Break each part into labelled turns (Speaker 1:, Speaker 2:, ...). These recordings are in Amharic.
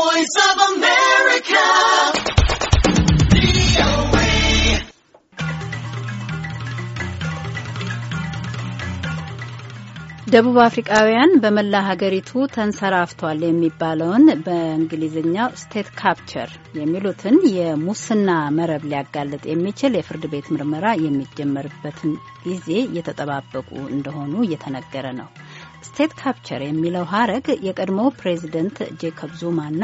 Speaker 1: voice of America. ደቡብ አፍሪካውያን በመላ ሀገሪቱ ተንሰራፍቷል የሚባለውን በእንግሊዝኛው ስቴት ካፕቸር የሚሉትን የሙስና መረብ ሊያጋልጥ የሚችል የፍርድ ቤት ምርመራ የሚጀመርበትን ጊዜ እየተጠባበቁ እንደሆኑ እየተነገረ ነው። ስቴት ካፕቸር የሚለው ሀረግ የቀድሞ ፕሬዚደንት ጄኮብ ዙማና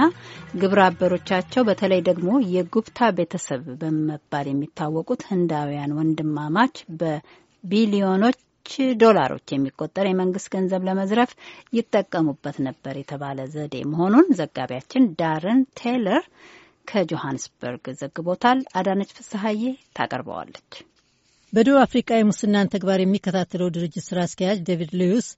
Speaker 1: ግብረ አበሮቻቸው በተለይ ደግሞ የጉፕታ ቤተሰብ በመባል የሚታወቁት ህንዳውያን ወንድማማች በቢሊዮኖች ዶላሮች የሚቆጠር የመንግስት ገንዘብ ለመዝረፍ ይጠቀሙበት ነበር የተባለ ዘዴ መሆኑን ዘጋቢያችን ዳርን ቴይለር ከጆሃንስበርግ ዘግቦታል። አዳነች ፍስሀዬ ታቀርበዋለች። በደቡብ አፍሪካ የሙስናን ተግባር የሚከታተለው ድርጅት ስራ አስኪያጅ ዴቪድ ሉዊስ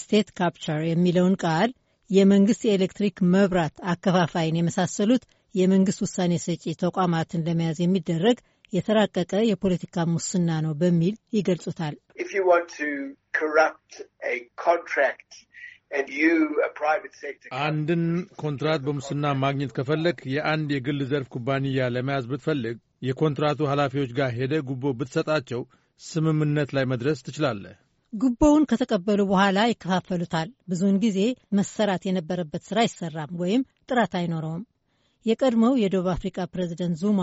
Speaker 1: ስቴት ካፕቸር የሚለውን ቃል የመንግስት የኤሌክትሪክ መብራት አከፋፋይን የመሳሰሉት የመንግስት ውሳኔ ሰጪ ተቋማትን ለመያዝ የሚደረግ የተራቀቀ የፖለቲካ ሙስና ነው በሚል ይገልጹታል።
Speaker 2: አንድን ኮንትራት በሙስና ማግኘት ከፈለግ የአንድ የግል ዘርፍ ኩባንያ ለመያዝ ብትፈልግ የኮንትራቱ ኃላፊዎች ጋር ሄደ ጉቦ ብትሰጣቸው ስምምነት ላይ መድረስ ትችላለህ።
Speaker 1: ጉቦውን ከተቀበሉ በኋላ ይከፋፈሉታል። ብዙውን ጊዜ መሰራት የነበረበት ስራ አይሰራም ወይም ጥራት አይኖረውም። የቀድሞው የደቡብ አፍሪካ ፕሬዚደንት ዙማ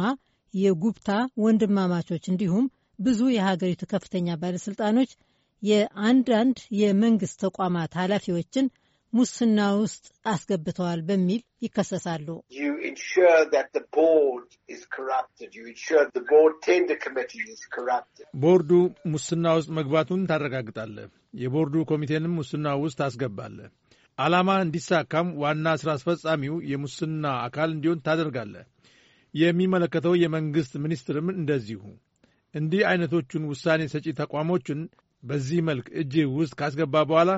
Speaker 1: የጉብታ ወንድማማቾች እንዲሁም ብዙ የሀገሪቱ ከፍተኛ ባለሥልጣኖች የአንዳንድ የመንግሥት ተቋማት ኃላፊዎችን ሙስና ውስጥ አስገብተዋል በሚል ይከሰሳሉ።
Speaker 2: ቦርዱ ሙስና ውስጥ መግባቱን ታረጋግጣለህ። የቦርዱ ኮሚቴንም ሙስና ውስጥ አስገባለህ ዓላማ እንዲሳካም ዋና ሥራ አስፈጻሚው የሙስና አካል እንዲሆን ታደርጋለህ። የሚመለከተው የመንግሥት ሚኒስትርም እንደዚሁ። እንዲህ ዐይነቶቹን ውሳኔ ሰጪ ተቋሞችን በዚህ መልክ እጅ ውስጥ ካስገባ በኋላ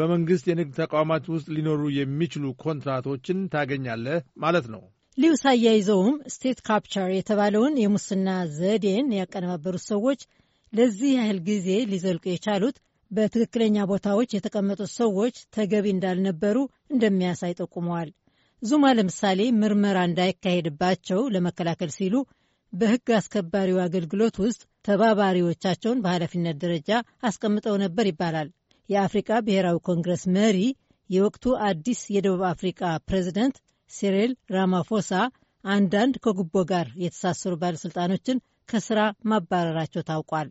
Speaker 2: በመንግሥት የንግድ ተቋማት ውስጥ ሊኖሩ የሚችሉ ኮንትራቶችን ታገኛለህ ማለት ነው።
Speaker 1: ሊውስ አያይዘውም ስቴት ካፕቸር የተባለውን የሙስና ዘዴን ያቀነባበሩት ሰዎች ለዚህ ያህል ጊዜ ሊዘልቁ የቻሉት በትክክለኛ ቦታዎች የተቀመጡት ሰዎች ተገቢ እንዳልነበሩ እንደሚያሳይ ጠቁመዋል። ዙማ ለምሳሌ ምርመራ እንዳይካሄድባቸው ለመከላከል ሲሉ በሕግ አስከባሪው አገልግሎት ውስጥ ተባባሪዎቻቸውን በኃላፊነት ደረጃ አስቀምጠው ነበር ይባላል። የአፍሪካ ብሔራዊ ኮንግረስ መሪ የወቅቱ አዲስ የደቡብ አፍሪካ ፕሬዚደንት ሲሪል ራማፎሳ አንዳንድ ከጉቦ ጋር የተሳሰሩ ባለሥልጣኖችን ከስራ ማባረራቸው ታውቋል።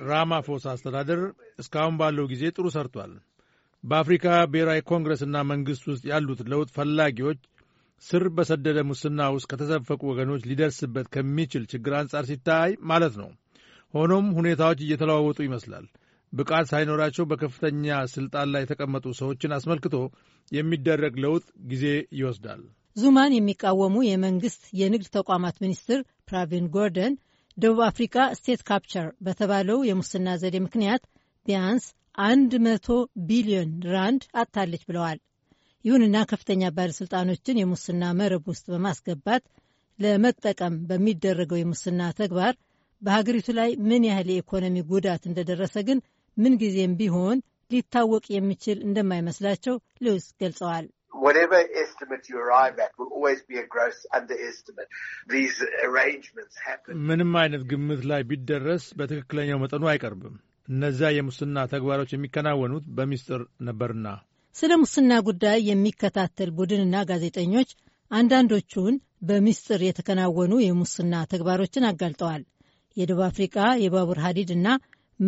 Speaker 1: የራማፎሳ አስተዳደር እስካሁን
Speaker 2: ባለው ጊዜ ጥሩ ሰርቷል። በአፍሪካ ብሔራዊ ኮንግረስና መንግሥት ውስጥ ያሉት ለውጥ ፈላጊዎች ስር በሰደደ ሙስና ውስጥ ከተዘፈቁ ወገኖች ሊደርስበት ከሚችል ችግር አንጻር ሲታይ ማለት ነው። ሆኖም ሁኔታዎች እየተለዋወጡ ይመስላል። ብቃት ሳይኖራቸው በከፍተኛ ስልጣን ላይ የተቀመጡ ሰዎችን አስመልክቶ የሚደረግ ለውጥ ጊዜ ይወስዳል።
Speaker 1: ዙማን የሚቃወሙ የመንግስት የንግድ ተቋማት ሚኒስትር ፕራቪን ጎርደን ደቡብ አፍሪካ ስቴት ካፕቸር በተባለው የሙስና ዘዴ ምክንያት ቢያንስ አንድ መቶ ቢሊዮን ራንድ አጥታለች ብለዋል። ይሁንና ከፍተኛ ባለሥልጣኖችን የሙስና መረብ ውስጥ በማስገባት ለመጠቀም በሚደረገው የሙስና ተግባር በሀገሪቱ ላይ ምን ያህል የኢኮኖሚ ጉዳት እንደደረሰ ግን ምንጊዜም ቢሆን ሊታወቅ የሚችል እንደማይመስላቸው ሉዊስ ገልጸዋል።
Speaker 2: ምንም አይነት ግምት ላይ ቢደረስ በትክክለኛው መጠኑ አይቀርብም። እነዚያ የሙስና ተግባሮች የሚከናወኑት በሚስጥር ነበርና
Speaker 1: ስለ ሙስና ጉዳይ የሚከታተል ቡድንና ጋዜጠኞች አንዳንዶቹን በምስጢር የተከናወኑ የሙስና ተግባሮችን አጋልጠዋል። የደቡብ አፍሪቃ የባቡር ሀዲድ እና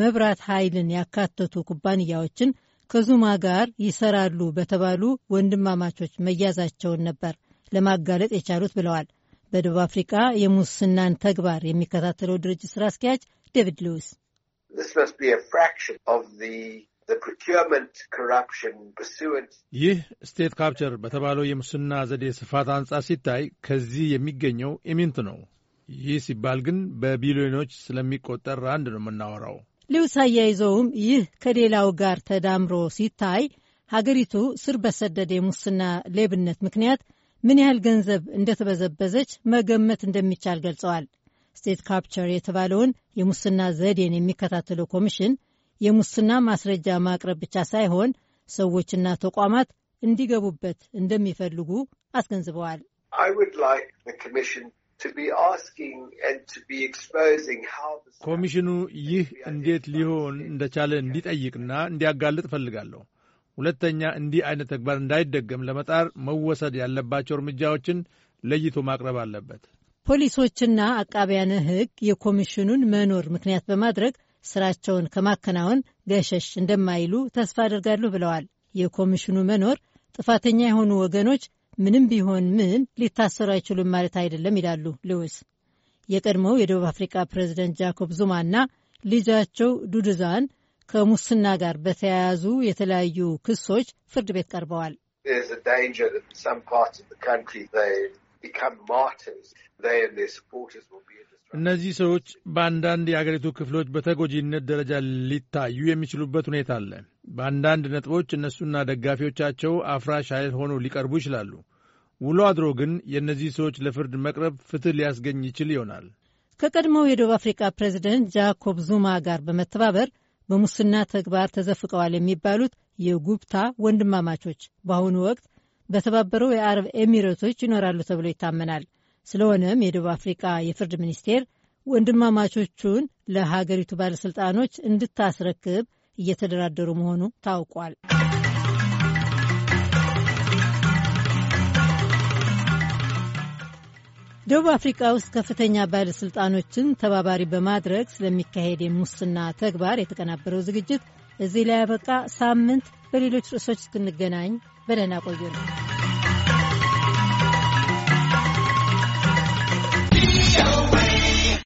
Speaker 1: መብራት ኃይልን ያካተቱ ኩባንያዎችን ከዙማ ጋር ይሰራሉ በተባሉ ወንድማማቾች መያዛቸውን ነበር ለማጋለጥ የቻሉት ብለዋል። በደቡብ አፍሪቃ የሙስናን ተግባር የሚከታተለው ድርጅት ስራ አስኪያጅ ዴቪድ ሉዊስ ይህ ስቴት ካፕቸር በተባለው
Speaker 2: የሙስና ዘዴ ስፋት አንጻር ሲታይ ከዚህ የሚገኘው ኢሚንት ነው። ይህ ሲባል ግን በቢሊዮኖች ስለሚቆጠር አንድ ነው የምናወራው።
Speaker 1: ሊውስ አያይዘውም ይህ ከሌላው ጋር ተዳምሮ ሲታይ ሀገሪቱ ስር በሰደደ የሙስና ሌብነት ምክንያት ምን ያህል ገንዘብ እንደተበዘበዘች መገመት እንደሚቻል ገልጸዋል። ስቴት ካፕቸር የተባለውን የሙስና ዘዴን የሚከታተለው ኮሚሽን የሙስና ማስረጃ ማቅረብ ብቻ ሳይሆን ሰዎችና ተቋማት እንዲገቡበት እንደሚፈልጉ አስገንዝበዋል።
Speaker 2: ኮሚሽኑ ይህ እንዴት ሊሆን እንደቻለ እንዲጠይቅና እንዲያጋልጥ እፈልጋለሁ። ሁለተኛ እንዲህ አይነት ተግባር እንዳይደገም ለመጣር መወሰድ ያለባቸው እርምጃዎችን ለይቶ ማቅረብ አለበት።
Speaker 1: ፖሊሶችና አቃቢያነ ሕግ የኮሚሽኑን መኖር ምክንያት በማድረግ ስራቸውን ከማከናወን ገሸሽ እንደማይሉ ተስፋ አደርጋለሁ ብለዋል። የኮሚሽኑ መኖር ጥፋተኛ የሆኑ ወገኖች ምንም ቢሆን ምን ሊታሰሩ አይችሉም ማለት አይደለም ይላሉ ልዊስ። የቀድሞው የደቡብ አፍሪካ ፕሬዚደንት ጃኮብ ዙማና ልጃቸው ዱድዛን ከሙስና ጋር በተያያዙ የተለያዩ ክሶች ፍርድ ቤት ቀርበዋል።
Speaker 2: እነዚህ ሰዎች በአንዳንድ የአገሪቱ ክፍሎች በተጎጂነት ደረጃ ሊታዩ የሚችሉበት ሁኔታ አለ። በአንዳንድ ነጥቦች እነሱና ደጋፊዎቻቸው አፍራሽ ኃይል ሆኖ ሊቀርቡ ይችላሉ። ውሎ አድሮ ግን የእነዚህ ሰዎች ለፍርድ መቅረብ ፍትሕ ሊያስገኝ ይችል ይሆናል።
Speaker 1: ከቀድሞው የደቡብ አፍሪካ ፕሬዚደንት ጃኮብ ዙማ ጋር በመተባበር በሙስና ተግባር ተዘፍቀዋል የሚባሉት የጉብታ ወንድማማቾች በአሁኑ ወቅት በተባበረው የአረብ ኤሚሬቶች ይኖራሉ ተብሎ ይታመናል። ስለሆነም የደቡብ አፍሪቃ የፍርድ ሚኒስቴር ወንድማማቾቹን ለሀገሪቱ ባለሥልጣኖች እንድታስረክብ እየተደራደሩ መሆኑ ታውቋል። ደቡብ አፍሪቃ ውስጥ ከፍተኛ ባለሥልጣኖችን ተባባሪ በማድረግ ስለሚካሄድ የሙስና ተግባር የተቀናበረው ዝግጅት እዚህ ላይ ያበቃ። ሳምንት በሌሎች ርዕሶች እስክንገናኝ በደህና ቆዩ ነው።